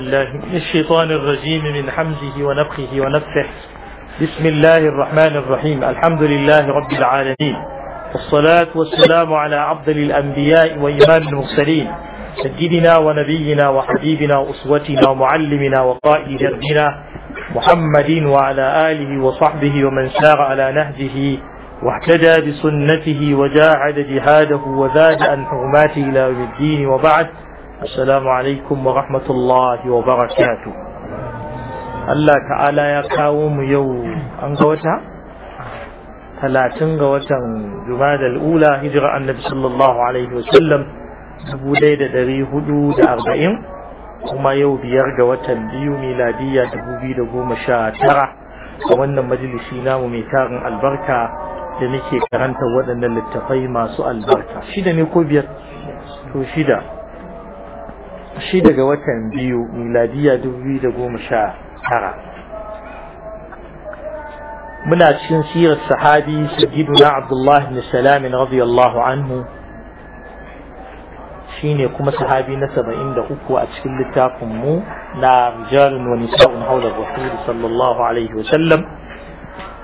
بالله من الشيطان الرجيم من حمزه ونفخه ونفسه بسم الله الرحمن الرحيم الحمد لله رب العالمين والصلاة والسلام على عبد الأنبياء وإمام المرسلين سيدنا ونبينا وحبيبنا وأسوتنا ومعلمنا وقائد دربنا محمد وعلى آله وصحبه ومن سار على نهجه واهتدى بسنته وجاعد جهاده وزاد عن حرماته إلى يوم الدين وبعد السلام عليكم ورحمة الله وبركاته Allah ta'ala ya kawo mu yau an ga wata? talatin ga watan jumadal ula hijira annabi sallallahu alaihi wasallam arba'in kuma yau biyar ga watan biyu sha tara. a wannan majlisi namu mai tarin albarka da nake karanta waɗannan littafai masu albarka shida ne ko biyar to shida shi daga watan biyu miladiya dubu da goma sha tara muna cikin sirar sahabi sayyiduna abdullahi bin salam radiyallahu anhu shine kuma sahabi na saba'in da uku a cikin littafin mu na rijalun wa nisa'un hawla rasul sallallahu alaihi wa sallam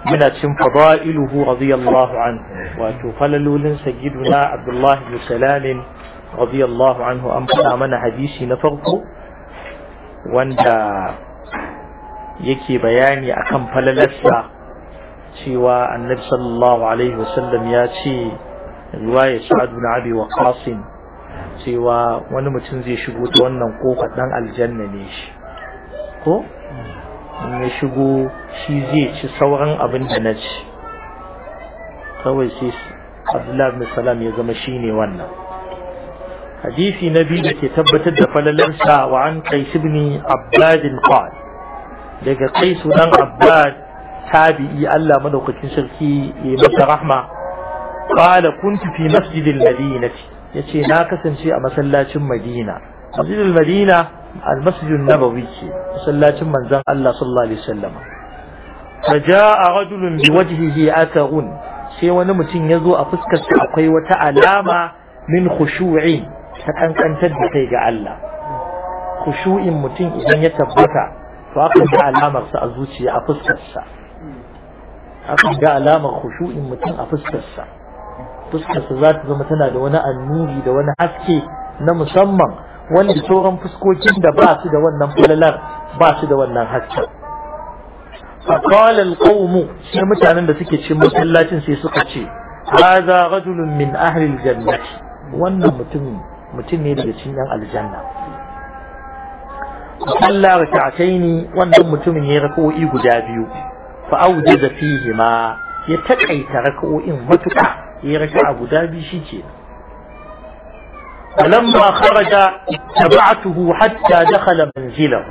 muna cikin fada'iluhu radiyallahu anhu wato falalolin sayyiduna abdullahi bin salam radiyallahu anhu an faɗa mana hadisi na farko wanda yake bayani akan falalarsa cewa annabi sallallahu alaihi wasallam ya ce riwayar sa'ad bin abi waqas cewa wani mutum zai shigo ta wannan kofar dan aljanna ne shi ko in shigo shi zai ci sauran abin da na ci kawai sai Abdullah bin Salam ya zama shine wannan hadisi na biyu da ke tabbatar da falalarsa wa an qais ibn abbad daga kaisu dan abbad tabi'i Allah madaukakin sarki ya masa rahma qala kuntu fi masjid al-madinati yace na kasance a masallacin madina masjid al-madina al-masjid an-nabawi ce masallacin manzon Allah sallallahu alaihi wasallam فجاء رجل بوجهه أثر sai wani mutum ya zo a fuskarsa akwai wata alama min khushu'in ta kankantar da kai ga Allah khushu'in mutum idan ya tabbata to aka ga alamar sa a zuciya a fuskar sa aka ga alamar khushu'in mutum a fuskar sa fuskar sa za ta zama tana da wani annuri da wani haske na musamman wanda sauran fuskokin da ba su da wannan falalar ba su da wannan haske فقال القوم sai mutanen da suke cin masallacin sai suka ce hadha rajulun min ahli aljanna wannan mutumin mutum ne daga cikin yan aljanna Allah ni wannan mutumin ya raka'o'i guda biyu fa aujaza fihi ma ya takaita raka'o'in matuka ya raka'a guda biyu shike ولما خرج اتبعته حتى دخل منزله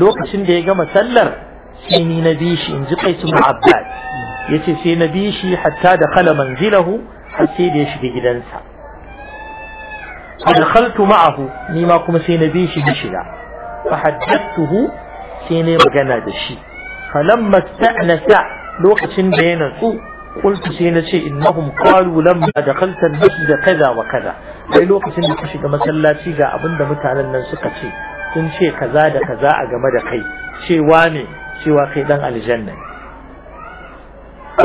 lokacin da ya gama sallar sai ni na bi shi in ji kai sun abbas ya ce sai na bi shi hatta da kala manzilahu har sai da ya shiga gidansa فدخلت معه نيما كما سينبيش بشلا فحدثته سيني مغنى دشي فلما استأنس لوقت بين قلت سينتي إنهم قالوا لما دخلت المسجد كذا وكذا أي لوقت إن كشك مسلاتي جاء أبن دمت على النسقة تنشي كذا دا كذا أجمد كي شي واني شي واقيدا على الجنة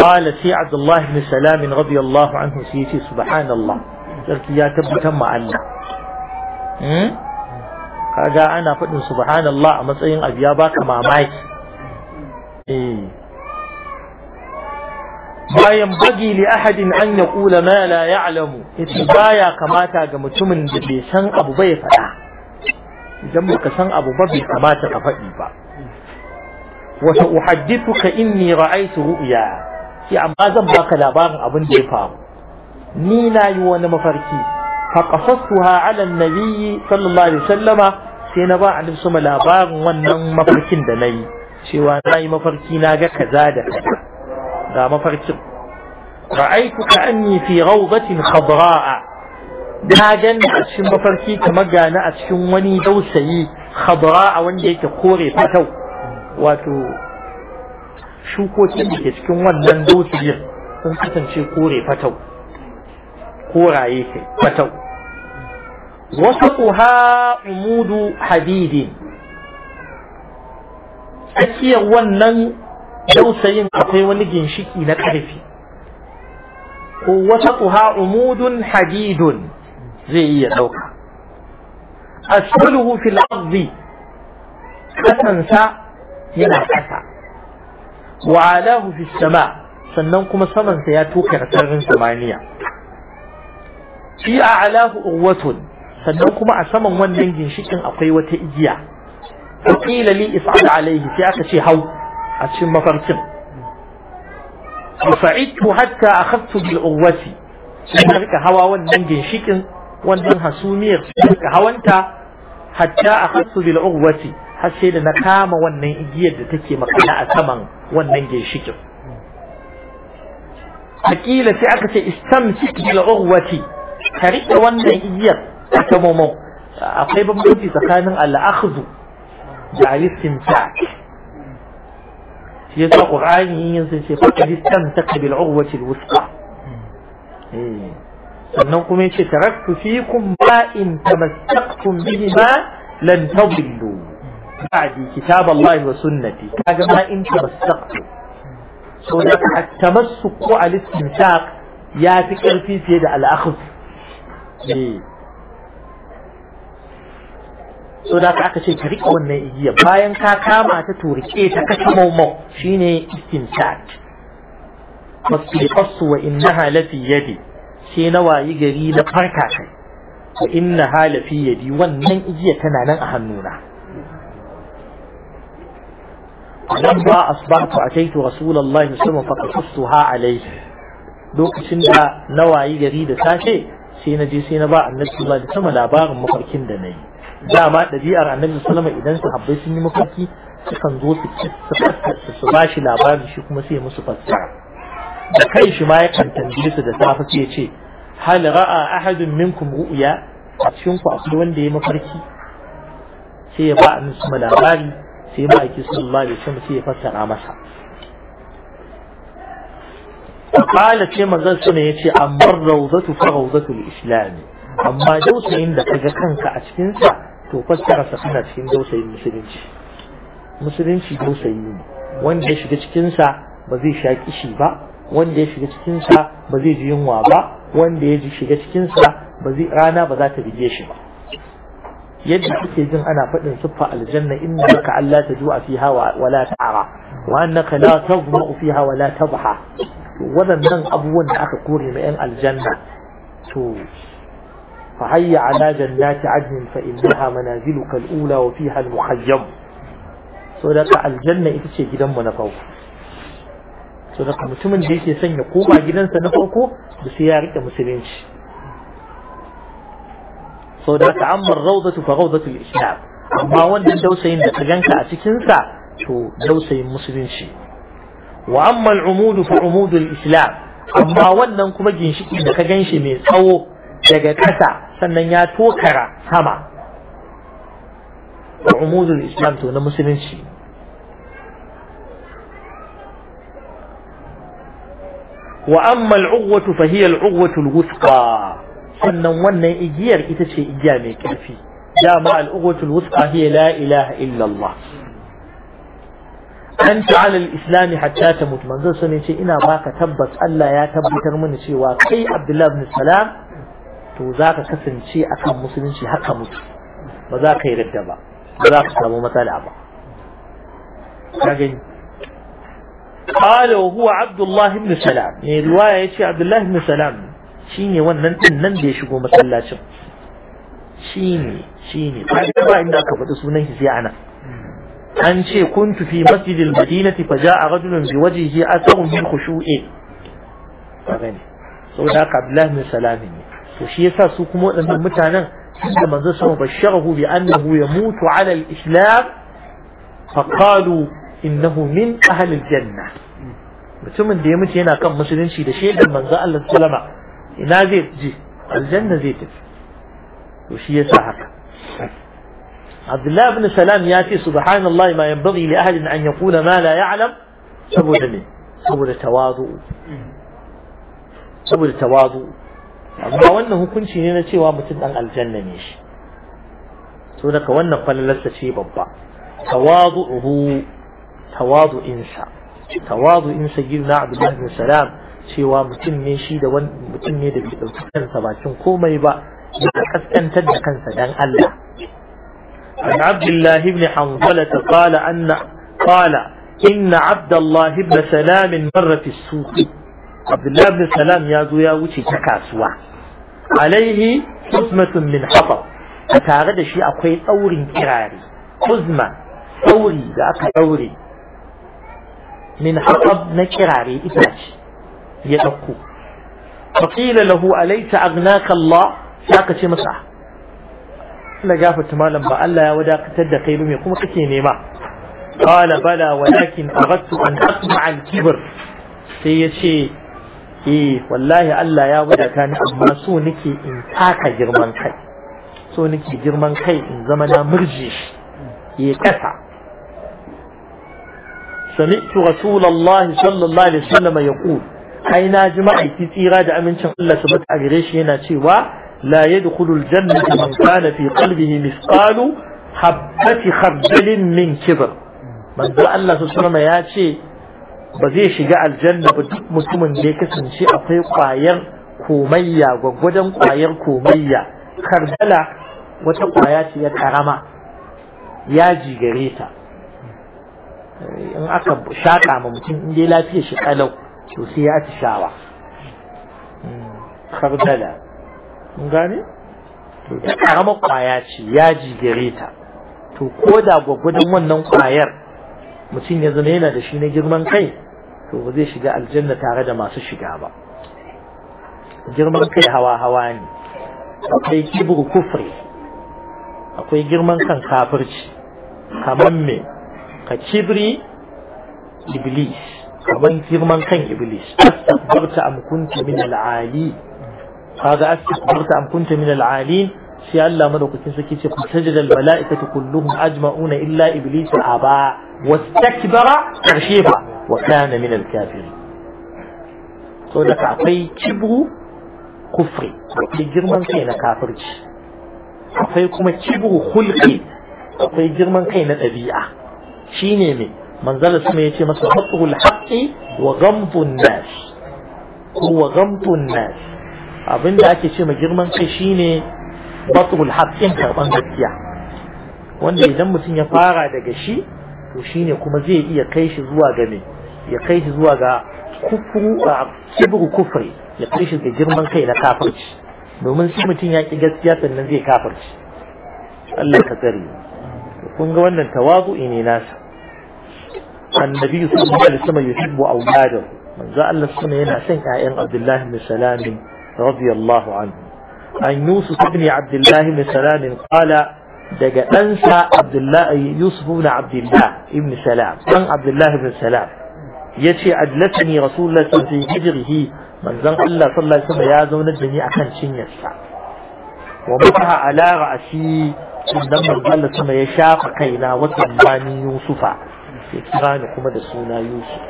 قال سي عبد الله بن سلام رضي الله عنه سيتي سبحان الله sarki ya tabbatar ma Allah hmm? kaga ana faɗin subhanallah a matsayin abu ya baka mamaki eh. bayan bagi li ahadin an ya kula ma la ya'lamu ita baya kamata ga mutumin da bai san abu bai faɗa idan baka san abu ba bai kamata ka faɗi ba wa uhaddithuka inni ra'aytu ru'ya ki amma zan baka labarin abin da ya faru نينا يوانا مفاركي فقصصتها على النبي صلى الله عليه وسلم سينبا عدم لا باغ وانا مفاركين دني شوانا مفاركينا كزادا لا مفاركين رأيت كأني في غوضة خضراء داجن شم مفاركي كمجانا أتشم واني دوسي خضراء وان جيت خوري فتو واتو شوكو تنكي شكم وانا دوسي سنكتن شي فتو koraye kai wasu wasquha umudu hadidi tsakiyar wannan dausayin akwai wani ginshiki na karfi ko wasquha umudun hadidun zai iya dauka asfuluhu fil ardi kasansa yana kasa wa alahu fis sama sannan kuma samansa ya tuka sararin samaniya fi a'lahu urwatun sannan kuma a saman wannan ginshikin akwai wata igiya qila li is'al alayhi sai aka ce hau a cikin mafarkin fa'idtu hatta akhadtu bil uwati sai rika hawa wannan ginshikin wannan hasumiyar rika hawanta hatta akhadtu bil uwati har sai da na kama wannan igiyar da take makana a saman wannan ginshikin Hakila sai aka ce istamsik bil uwati karita wannan igiyar a ta momo akwai bambanci tsakanin al'akhzu da al shi ya yasa qur'ani yin yin sun ce fa istamtaka bil urwati al-wusta sannan kuma ya yace taraktu fikum ma in tamassaktum bihi ma lan tadillu ba'di kitab Allah wa sunnati kaga ma in tamassaktum so da at-tamassuk ko al ya fi karfi fiye da al'akhzu Eh. so da aka ce ka riƙe wannan igiya bayan ka kama ta to ta kashe maumau shine istimsat fasbiqasu wa innaha lafi yadi sai na wayi gari na farka kai wa innaha lafi yadi wannan igiya tana nan a hannuna lamma asbahtu ataitu rasulullahi sallallahu alaihi wasallam faqastuha alaihi lokacin da na wayi gari da safe sai na je sai na ba annabi sallallahu alaihi sama labarin mafarkin da nayi dama ɗabi'ar annabi sallallahu alaihi idan sahabbai sun yi mafarki sukan zo su su ba shi labarin shi kuma sai musu fassara da kai shi ma yakan tambaye su da safe sai ya ce hal ra'a ahadun minkum ru'ya a cikin ku akwai wanda ya mafarki sai ya ba annabi sallallahu alaihi labari sai ma'aiki sallallahu alaihi wasallam sai ya fassara masa faƙala ce manzon suna ya ce amma rauzatu fa da islami amma dausayin da ga kanka a cikinsa to fassara sa kana cikin dausayin musulunci musulunci dausayi ne wanda ya shiga cikinsa ba zai sha kishi ba wanda ya shiga cikinsa ba zai ji yunwa ba wanda ya shiga cikinsa ba zai rana ba za ta bige shi ba yadda kake jin ana faɗin siffa aljanna innaka alla tajua fiha wa la ta'ra wa annaka la tazma fiha wa la tadha wadannan abubuwan da aka kore ma yan aljanna to fa hayya ala jannati adnin fa innaha manaziluka al-ula wa fiha al-muhayyam so da aljanna ita ce gidanmu na farko so da mutumin da yake son ya koma gidansa na farko da sai ya rike musulunci sau da haka amma rawdatu fa rawdatul islam amma wannan dausayin da ka ganka a cikin sa to dausayin musulunci wa amma al'umudu fa umudul islam amma wannan kuma ginshiki da ka ganshi mai tsawo daga ƙasa sannan ya tokara sama wa umudul islam to na musulunci wa amma al'ugwatu fa hiya al'ugwatu al-wuthqa sannan wannan igiyar ita ce igiya mai ƙarfi dama al'ugwatul wusta hi la ilaha illallah an ta'ala al-islam hatta tamut manzo sun ce ina baka tabbas Allah ya tabbatar mini cewa kai Abdullah ibn Salam to zaka kasance akan musulunci haka mutu ba za ka yi radda ba ba za ka samu matsala ba kage قال وهو عبد الله بن سلام يعني رواية عبد الله بن سلام shine wannan din nan da ya shigo masallacin shine shine ba inda aka faɗi sunan shi sai ana an ce kuntu fi masjidil madinati fa ja'a rajulun bi wajhihi asaru min khushu'i gani saboda haka Abdullah bin Salam ne to shi yasa su kuma waɗannan mutanen da manzo sama basharahu bi annahu yamutu ala al-islam fa qalu innahu min ahli al-janna mutumin da ya mutu yana kan musulunci da shaidan manzo Allah sallallahu alaihi wasallam لا جي الجنة زيت هي ساحق عبد الله بن سلام ياتي سبحان الله ما ينبغي لأهل أن يقول ما لا يعلم سبب من سبب التواضع سبب التواضع أما وأنه كنت هنا نتي ومتن أن الجنة نيش تونك وأن قال لست شي بابا تواضعه تواضع إنسا تواضع إنسا جيرنا عبد الله بن سلام cewa mutum ne shi da wani mutum ne da bai ɗauki kansa bakin komai ba ya kaskantar da kansa dan Allah an abdullahi ibn hanzala ta qala anna qala inna abdullahi ibn salam marra fi suqi abdullahi ibn salam ya zo ya wuce ta kasuwa alaihi huzmatun min hatab a tare da shi akwai tsaurin kirari. huzma tsauri da aka daure min hatab na kirare itace ya ɗauko faƙila lahu alaita agnaka Allah ya ka ce masa na gafata malam ba Allah ya wadatar da kai me kuma kake nema qala bala walakin aradtu an asma al kibr sai ya ce eh wallahi Allah ya wadata ni amma so nake in taka girman kai so nake girman kai in zama na murji ya kasa سمعت رسول الله صلى الله عليه وسلم يقول ai na ji ma'aiki tsira da amincin Allah su bata a gare shi yana cewa la yadkhulul jannata man kana fi qalbihi misqalu habbati khardalin min kibr manzo Allah su sunama ya ce ba zai shiga aljanna ba duk mutumin da ya kasance akwai kwayar komayya gwaggwadon kwayar komayya kardala wata kwaya ce ya karama ya jigare ta in aka shaka ma mutum inda dai lafiya shi kalau to sai ya atishawa karbala mun to ta karamar kwaya ce ya jigire ta to ko da gwagwadon wannan kwayar mutum ya zama yana da shi na girman kai to ba zai shiga aljanna tare da masu shiga ba girman kai hawa hawa ne akwai kibir kufri akwai girman kan kafirci kamar me ka kibri iblis kaman girman kan iblis astakbarta am kunta min al-ali kaga astakbarta am kunta min al-ali sai Allah madaukakin sarki ce fatajada al-mala'ikatu kulluhum ajma'una illa iblis aba wastakbara karshefa wa kana min al-kafirin to da akwai kibru kufri akwai girman kai na kafirci akwai kuma kibru khulqi akwai girman kai na dabi'a shine mai manzala sama ya ce masa haqqul haqqi wa ghamtun nas huwa ghamtun nas abinda ake ce ma girman kai shine batul haqqin karban gaskiya wanda idan mutum ya fara daga shi to shine kuma zai iya kai shi zuwa ga me ya kai shi zuwa ga kufru a kibru kufri ya kai shi ga girman kai na kafirci domin sai mutum ya ki gaskiya sannan zai kafirci Allah ka tsare kun ga wannan tawazu'i ne nasa annabi sallallahu alaihi wasallam yuhibbu auladan manzo Allah sama yana son yayan Abdullah ibn Salam radiyallahu anhu an Yusuf ibn Abdullah ibn Salam qala daga ɗansa Abdullahi Yusuf ibn Abdullah ibn Salam dan Abdullah ibn Salam yace adlatani rasulullahi sallallahu alaihi wasallam fi hijrihi manzon Allah sallallahu ya zauna da ni akan cinyarsa wa mutaha ala ra'si sannan manzon Allah sama ya shafa kaina wa tambani Yusufa ya kira ni kuma da suna yusuf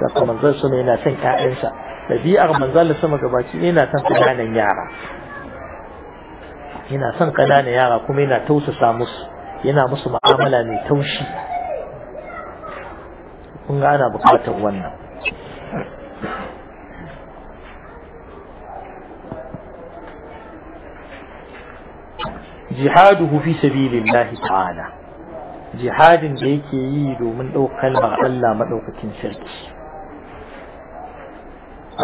da kuma manzon sama yana son ƴaƴansa manzon da sama gabaki yana son kananan yara yana son kananan yara kuma yana tausasa musu yana musu mu'amala mai taushi kun ga ana buƙatar wannan jihaduhu fi sabilillahi ta'ala jihadin da yake yi domin ɗaukar kalmar Allah maɗaukakin sarki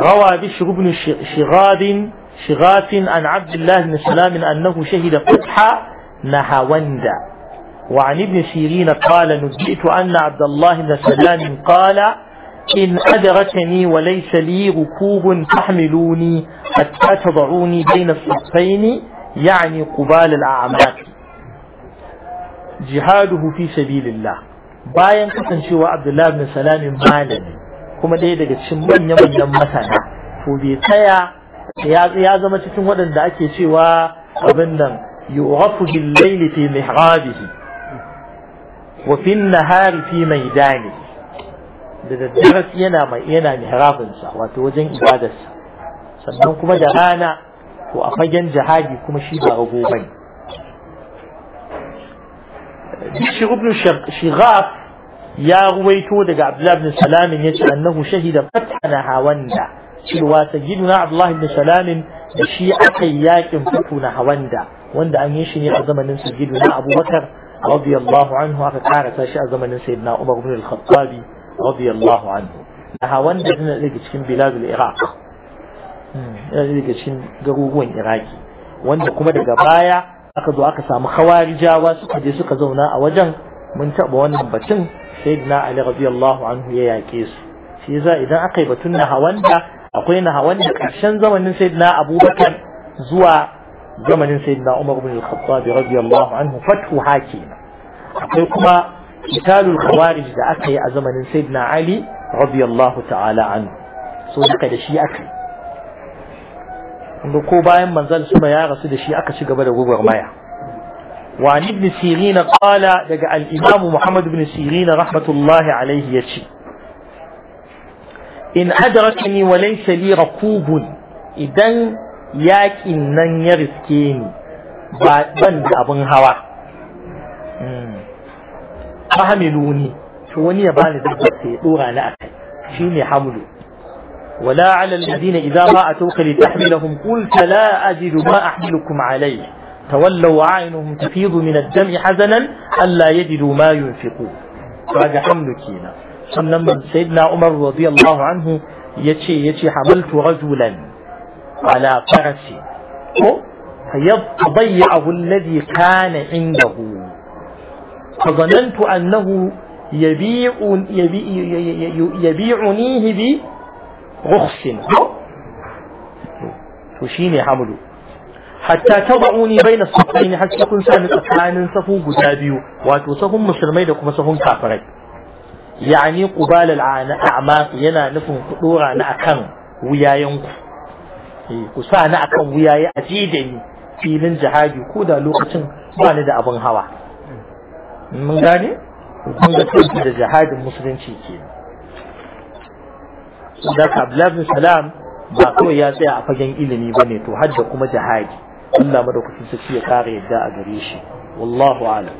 روى بشر بن شغاب شغاف عن عبد الله بن سلام أنه شهد فتح نهاوند وعن ابن سيرين قال نبئت أن عبد الله بن سلام قال إن أدركني وليس لي ركوب فاحملوني حتى تضعوني بين الصفين يعني قبال الأعماق jihaduhu fi sabilillah bayan kasancewa Abdullahi bin Salamin malami kuma ɗaya daga cikin manya-manyan masana to bai tsaya ya zama cikin waɗanda ake cewa abin nan yu'rafu bil layli fi mihrabihi wa fi nahari fi maidani da daddare yana mai yana mihrabinsa wato wajen ibadarsa sannan kuma da rana to a fagen jihadi kuma shi ba rago bane bishir ibn Shigaf ya ruwaito daga abdullahi ibn salamin yace annahu shahida fatana hawanda cewa na abdullahi ibn salamin da shi aka yi yakin fatuna hawanda wanda an yi shi ne a zamanin na abubakar radiyallahu anhu aka kara ta shi a zamanin na umar ibn al-khattabi radiyallahu anhu da hawanda tana daga cikin biladul iraq yana daga cikin garuruwan iraki wanda kuma daga baya aka zo aka samu khawarijawa suka je suka zauna a wajen mun taba wannan batun sayyidina ali radiyallahu anhu ya yaƙe su shi za idan aka yi batun nahawanda akwai nahawanda ƙarshen zamanin sayyidina abubakar zuwa zamanin sayyidina umar bin al-khattab radiyallahu anhu fathu haki akwai kuma kitalul khawarij da aka yi a zamanin sayyidina ali radiyallahu ta'ala anhu so duka da shi aka yi ko bayan manzal sama ya rasu da shi aka ci gaba da maya وعن ابن سيرين قال دقى الإمام محمد بن سيرين رحمة الله عليه يشي in adrakani wa laysa li raqubun idan yaƙin nan ya riske ni ba ban da abin hawa hmm. fahimiluni to wani ya bani dabbar sai ya dora ni akai shine hamlu ولا على الذين إذا ما أتوك لتحملهم قلت لا أجد ما أحملكم عليه تولوا وعينهم تفيض من الدم حزنا ألا يجدوا ما ينفقون فهذا حمل كينا سنما سيدنا عمر رضي الله عنه يتشي يتشي حملت رجلا على فرسي فيضيعه الذي كان عنده فظننت أنه يبيع يبيع يبيعنيه بي غخص to shine hamlu hatta taba'uni baina safaini har sai kun sani tsakanin safu guda biyu wato safun musulmai da kuma safun kafirai yani qubal al-a'ma yana nufin ku dora na akan wuyayenku eh, ku sa na akan wuyaye a jide ni filin jihadi ko da lokacin ba ni da abin hawa mun gane mun ga da jihadin musulunci kenan da ka salam ba kawai ya tsaya a fagen ilimi ba ne to har kuma jihadi Allah madaukakin sarki ya kare yadda a gare shi wallahu a'lam